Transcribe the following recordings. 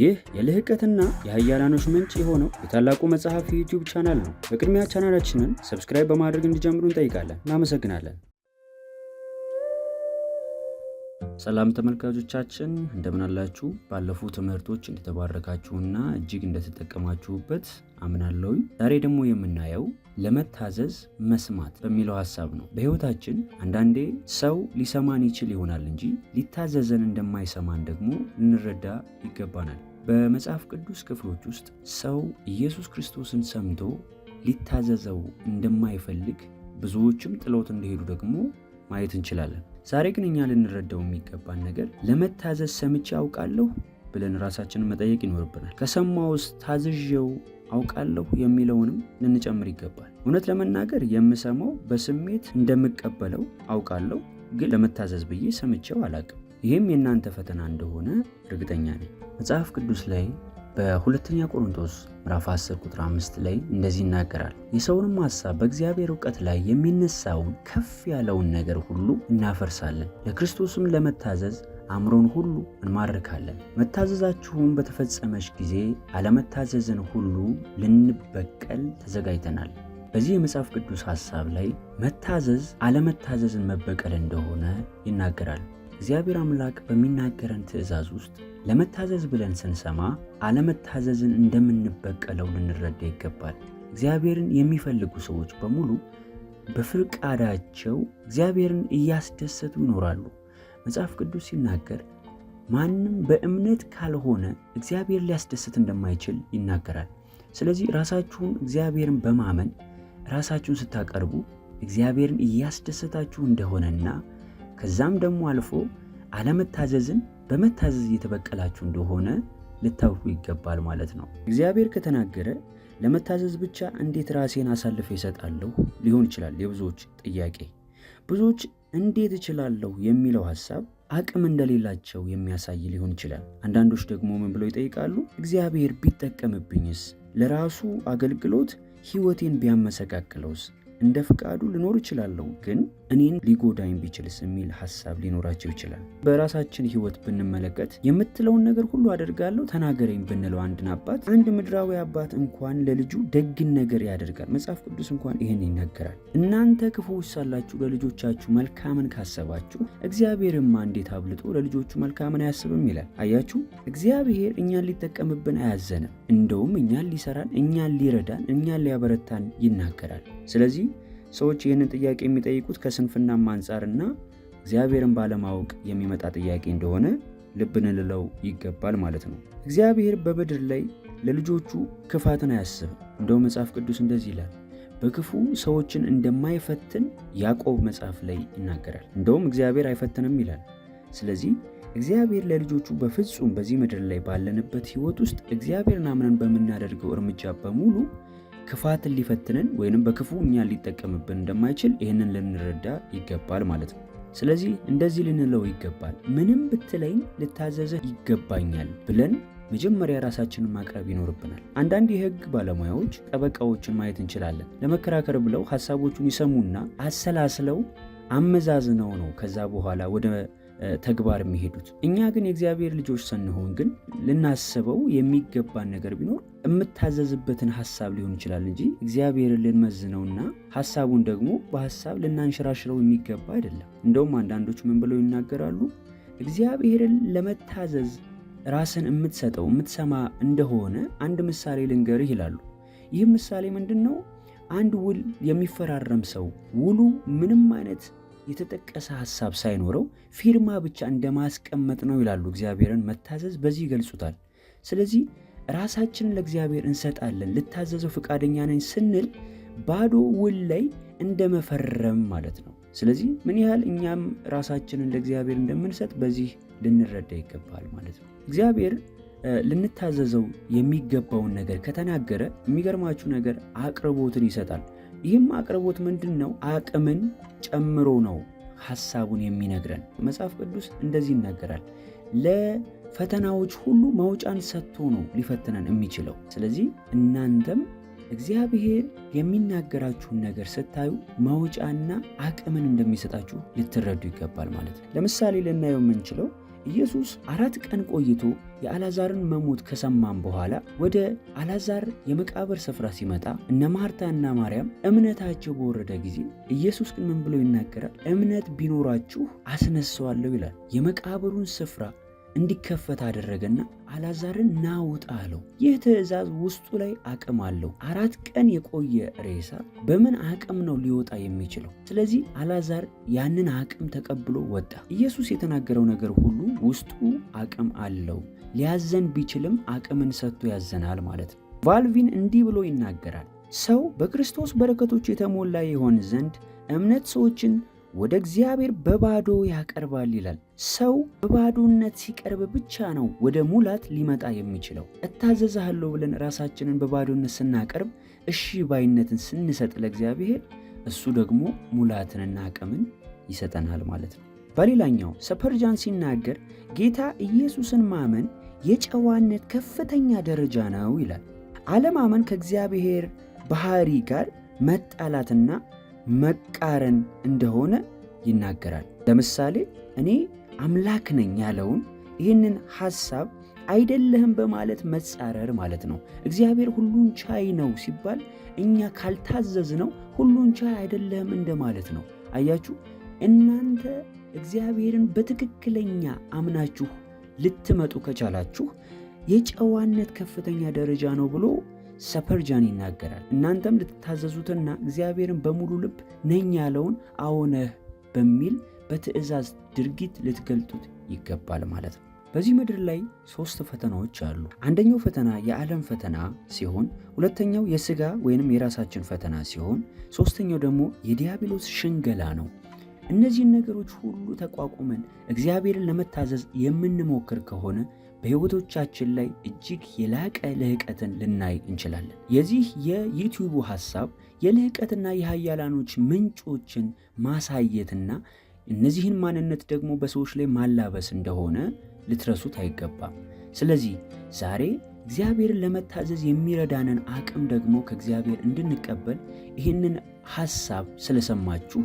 ይህ የልህቀትና የሀያላኖች ምንጭ የሆነው የታላቁ መጽሐፍ ዩቲዩብ ቻናል ነው። በቅድሚያ ቻናላችንን ሰብስክራይብ በማድረግ እንዲጀምሩ እንጠይቃለን። እናመሰግናለን። ሰላም ተመልካቾቻችን እንደምን አላችሁ? ባለፉ ትምህርቶች እንደተባረካችሁና እጅግ እንደተጠቀማችሁበት አምናለሁኝ። ዛሬ ደግሞ የምናየው ለመታዘዝ መስማት በሚለው ሀሳብ ነው። በህይወታችን አንዳንዴ ሰው ሊሰማን ይችል ይሆናል እንጂ ሊታዘዘን እንደማይሰማን ደግሞ ልንረዳ ይገባናል። በመጽሐፍ ቅዱስ ክፍሎች ውስጥ ሰው ኢየሱስ ክርስቶስን ሰምቶ ሊታዘዘው እንደማይፈልግ ብዙዎችም ጥለውት እንደሄዱ ደግሞ ማየት እንችላለን። ዛሬ ግን እኛ ልንረዳው የሚገባን ነገር ለመታዘዝ ሰምቼ አውቃለሁ ብለን ራሳችንን መጠየቅ ይኖርብናል። ከሰማውስ ታዝዤው አውቃለሁ የሚለውንም ልንጨምር ይገባል። እውነት ለመናገር የምሰማው በስሜት እንደምቀበለው አውቃለሁ፣ ግን ለመታዘዝ ብዬ ሰምቼው አላቅም። ይህም የእናንተ ፈተና እንደሆነ እርግጠኛ ነኝ። መጽሐፍ ቅዱስ ላይ በሁለተኛ ቆሮንቶስ ምዕራፍ 10 ቁጥር 5 ላይ እንደዚህ ይናገራል። የሰውንም ሐሳብ በእግዚአብሔር እውቀት ላይ የሚነሳውን ከፍ ያለውን ነገር ሁሉ እናፈርሳለን፣ ለክርስቶስም ለመታዘዝ አእምሮን ሁሉ እንማርካለን። መታዘዛችሁም በተፈጸመች ጊዜ አለመታዘዝን ሁሉ ልንበቀል ተዘጋጅተናል። በዚህ የመጽሐፍ ቅዱስ ሐሳብ ላይ መታዘዝ አለመታዘዝን መበቀል እንደሆነ ይናገራል። እግዚአብሔር አምላክ በሚናገረን ትእዛዝ ውስጥ ለመታዘዝ ብለን ስንሰማ አለመታዘዝን እንደምንበቀለው ልንረዳ ይገባል። እግዚአብሔርን የሚፈልጉ ሰዎች በሙሉ በፍቃዳቸው እግዚአብሔርን እያስደሰቱ ይኖራሉ። መጽሐፍ ቅዱስ ሲናገር ማንም በእምነት ካልሆነ እግዚአብሔር ሊያስደስት እንደማይችል ይናገራል። ስለዚህ ራሳችሁን እግዚአብሔርን በማመን ራሳችሁን ስታቀርቡ እግዚአብሔርን እያስደሰታችሁ እንደሆነና ከዛም ደግሞ አልፎ አለመታዘዝን በመታዘዝ እየተበቀላችሁ እንደሆነ ልታውቁ ይገባል ማለት ነው። እግዚአብሔር ከተናገረ ለመታዘዝ ብቻ እንዴት ራሴን አሳልፈ ይሰጣለሁ ሊሆን ይችላል የብዙዎች ጥያቄ። ብዙዎች እንዴት እችላለሁ የሚለው ሀሳብ አቅም እንደሌላቸው የሚያሳይ ሊሆን ይችላል። አንዳንዶች ደግሞ ምን ብለው ይጠይቃሉ? እግዚአብሔር ቢጠቀምብኝስ? ለራሱ አገልግሎት ሕይወቴን ቢያመሰቃቅለውስ? እንደ ፍቃዱ ልኖር እችላለሁ፣ ግን እኔን ሊጎዳኝ ቢችልስ የሚል ሀሳብ ሊኖራቸው ይችላል። በራሳችን ህይወት ብንመለከት የምትለውን ነገር ሁሉ አደርጋለሁ ተናገረኝ ብንለው አንድን አባት አንድ ምድራዊ አባት እንኳን ለልጁ ደግን ነገር ያደርጋል። መጽሐፍ ቅዱስ እንኳን ይህን ይናገራል። እናንተ ክፉ ሳላችሁ ለልጆቻችሁ መልካምን ካሰባችሁ እግዚአብሔርማ እንዴት አብልጦ ለልጆቹ መልካምን አያስብም ይላል። አያችሁ፣ እግዚአብሔር እኛን ሊጠቀምብን አያዘንም። እንደውም እኛን ሊሰራን፣ እኛን ሊረዳን፣ እኛን ሊያበረታን ይናገራል። ስለዚህ ሰዎች ይህንን ጥያቄ የሚጠይቁት ከስንፍናም አንጻርና እግዚአብሔርን ባለማወቅ የሚመጣ ጥያቄ እንደሆነ ልብ ልንለው ይገባል ማለት ነው። እግዚአብሔር በምድር ላይ ለልጆቹ ክፋትን አያስብም። እንደው መጽሐፍ ቅዱስ እንደዚህ ይላል፣ በክፉ ሰዎችን እንደማይፈትን ያዕቆብ መጽሐፍ ላይ ይናገራል። እንደውም እግዚአብሔር አይፈትንም ይላል። ስለዚህ እግዚአብሔር ለልጆቹ በፍጹም በዚህ ምድር ላይ ባለንበት ሕይወት ውስጥ እግዚአብሔርን አምነን በምናደርገው እርምጃ በሙሉ ክፋትን ሊፈትንን ወይንም በክፉ እኛን ሊጠቀምብን እንደማይችል ይህንን ልንረዳ ይገባል ማለት ነው። ስለዚህ እንደዚህ ልንለው ይገባል፣ ምንም ብትለኝ ልታዘዝህ ይገባኛል ብለን መጀመሪያ ራሳችንን ማቅረብ ይኖርብናል። አንዳንድ የህግ ባለሙያዎች ጠበቃዎችን ማየት እንችላለን። ለመከራከር ብለው ሀሳቦቹን ይሰሙና አሰላስለው አመዛዝነው ነው ከዛ በኋላ ወደ ተግባር የሚሄዱት። እኛ ግን የእግዚአብሔር ልጆች ስንሆን ግን ልናስበው የሚገባን ነገር ቢኖር የምታዘዝበትን ሀሳብ ሊሆን ይችላል እንጂ እግዚአብሔርን ልንመዝነውና ሀሳቡን ደግሞ በሀሳብ ልናንሸራሽረው የሚገባ አይደለም። እንደውም አንዳንዶች ምን ብለው ይናገራሉ? እግዚአብሔርን ለመታዘዝ ራስን የምትሰጠው የምትሰማ እንደሆነ አንድ ምሳሌ ልንገርህ ይላሉ። ይህ ምሳሌ ምንድን ነው? አንድ ውል የሚፈራረም ሰው ውሉ ምንም አይነት የተጠቀሰ ሐሳብ ሳይኖረው ፊርማ ብቻ እንደማስቀመጥ ነው ይላሉ። እግዚአብሔርን መታዘዝ በዚህ ይገልጹታል። ስለዚህ ራሳችንን ለእግዚአብሔር እንሰጣለን። ልታዘዘው ፈቃደኛ ነኝ ስንል ባዶ ውል ላይ እንደመፈረም ማለት ነው። ስለዚህ ምን ያህል እኛም ራሳችንን ለእግዚአብሔር እንደምንሰጥ በዚህ ልንረዳ ይገባል ማለት ነው። እግዚአብሔር ልንታዘዘው የሚገባውን ነገር ከተናገረ የሚገርማችሁ ነገር አቅርቦትን ይሰጣል። ይህም አቅርቦት ምንድን ነው? አቅምን ጨምሮ ነው ሐሳቡን የሚነግረን። መጽሐፍ ቅዱስ እንደዚህ ይናገራል። ለፈተናዎች ሁሉ መውጫን ሰጥቶ ነው ሊፈትነን የሚችለው። ስለዚህ እናንተም እግዚአብሔር የሚናገራችሁን ነገር ስታዩ መውጫና አቅምን እንደሚሰጣችሁ ልትረዱ ይገባል ማለት ነው። ለምሳሌ ልናየው የምንችለው ኢየሱስ አራት ቀን ቆይቶ የአላዛርን መሞት ከሰማም በኋላ ወደ አላዛር የመቃብር ስፍራ ሲመጣ እነ እና ማርያም እምነታቸው በወረደ ጊዜ ኢየሱስ ግን ምን ብሎ ይናገራል? እምነት ቢኖራችሁ አስነሳዋለሁ ይላል። የመቃብሩን ስፍራ እንዲከፈት አደረገና አላዛርን ናውጣ አለው። ይህ ትእዛዝ ውስጡ ላይ አቅም አለው። አራት ቀን የቆየ ሬሳ በምን አቅም ነው ሊወጣ የሚችለው? ስለዚህ አላዛር ያንን አቅም ተቀብሎ ወጣ። ኢየሱስ የተናገረው ነገር ሁሉ ውስጡ አቅም አለው። ሊያዘን ቢችልም አቅምን ሰጥቶ ያዘናል ማለት ነው። ቫልቪን እንዲህ ብሎ ይናገራል፣ ሰው በክርስቶስ በረከቶች የተሞላ ይሆን ዘንድ እምነት ሰዎችን ወደ እግዚአብሔር በባዶ ያቀርባል ይላል። ሰው በባዶነት ሲቀርብ ብቻ ነው ወደ ሙላት ሊመጣ የሚችለው። እታዘዝሃለሁ ብለን ራሳችንን በባዶነት ስናቀርብ፣ እሺ ባይነትን ስንሰጥ ለእግዚአብሔር እሱ ደግሞ ሙላትንና አቅምን ይሰጠናል ማለት ነው። በሌላኛው ሰፐርጃን ሲናገር ጌታ ኢየሱስን ማመን የጨዋነት ከፍተኛ ደረጃ ነው ይላል። አለማመን ከእግዚአብሔር ባህሪ ጋር መጣላትና መቃረን እንደሆነ ይናገራል። ለምሳሌ እኔ አምላክ ነኝ ያለውን ይህንን ሐሳብ አይደለህም በማለት መጻረር ማለት ነው። እግዚአብሔር ሁሉን ቻይ ነው ሲባል እኛ ካልታዘዝ ነው ሁሉን ቻይ አይደለህም እንደማለት ነው። አያችሁ፣ እናንተ እግዚአብሔርን በትክክለኛ አምናችሁ ልትመጡ ከቻላችሁ የጨዋነት ከፍተኛ ደረጃ ነው ብሎ ሰፐርጃን ይናገራል። እናንተም ልትታዘዙትና እግዚአብሔርን በሙሉ ልብ ነኝ ያለውን አዎነህ በሚል በትእዛዝ ድርጊት ልትገልጡት ይገባል ማለት ነው። በዚህ ምድር ላይ ሶስት ፈተናዎች አሉ። አንደኛው ፈተና የዓለም ፈተና ሲሆን፣ ሁለተኛው የስጋ ወይንም የራሳችን ፈተና ሲሆን፣ ሶስተኛው ደግሞ የዲያብሎስ ሽንገላ ነው። እነዚህን ነገሮች ሁሉ ተቋቁመን እግዚአብሔርን ለመታዘዝ የምንሞክር ከሆነ በሕይወቶቻችን ላይ እጅግ የላቀ ልህቀትን ልናይ እንችላለን። የዚህ የዩቲዩቡ ሐሳብ የልህቀትና የሀያላኖች ምንጮችን ማሳየትና እነዚህን ማንነት ደግሞ በሰዎች ላይ ማላበስ እንደሆነ ልትረሱት አይገባም። ስለዚህ ዛሬ እግዚአብሔርን ለመታዘዝ የሚረዳንን አቅም ደግሞ ከእግዚአብሔር እንድንቀበል ይህንን ሐሳብ ስለሰማችሁ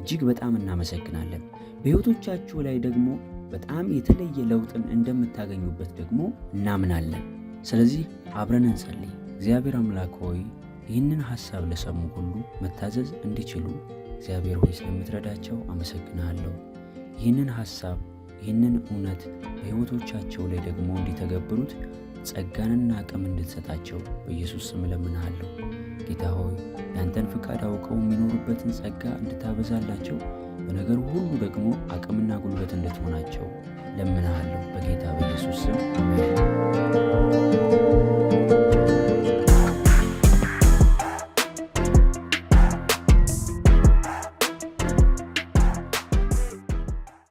እጅግ በጣም እናመሰግናለን። በሕይወቶቻችሁ ላይ ደግሞ በጣም የተለየ ለውጥን እንደምታገኙበት ደግሞ እናምናለን። ስለዚህ አብረን እንጸልይ። እግዚአብሔር አምላክ ሆይ ይህንን ሐሳብ ለሰሙ ሁሉ መታዘዝ እንዲችሉ እግዚአብሔር ሆይ ስለምትረዳቸው አመሰግናለሁ። ይህንን ሐሳብ ይህንን እውነት በሕይወቶቻቸው ላይ ደግሞ እንዲተገብሩት ጸጋንና አቅም እንድትሰጣቸው በኢየሱስ ስም እለምንሃለሁ። ጌታ ሆይ ያንተን ፍቃድ አውቀው የሚኖሩበትን ጸጋ እንድታበዛላቸው፣ በነገር ሁሉ ደግሞ አቅምና ጉልበት ባለቤት ሆናቸው ለምንሃለሁ በጌታ በኢየሱስ ስም አሜን።